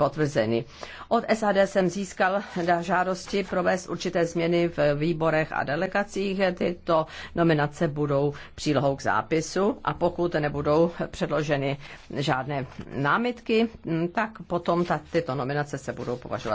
potvrzeny. Od SAD jsem získal žádosti provést určité změny v výborech a delegacích. Tyto nominace budou přílohou k zápisu a pokud nebudou předloženy žádné námitky, tak potom ta, tyto nominace se budou považovat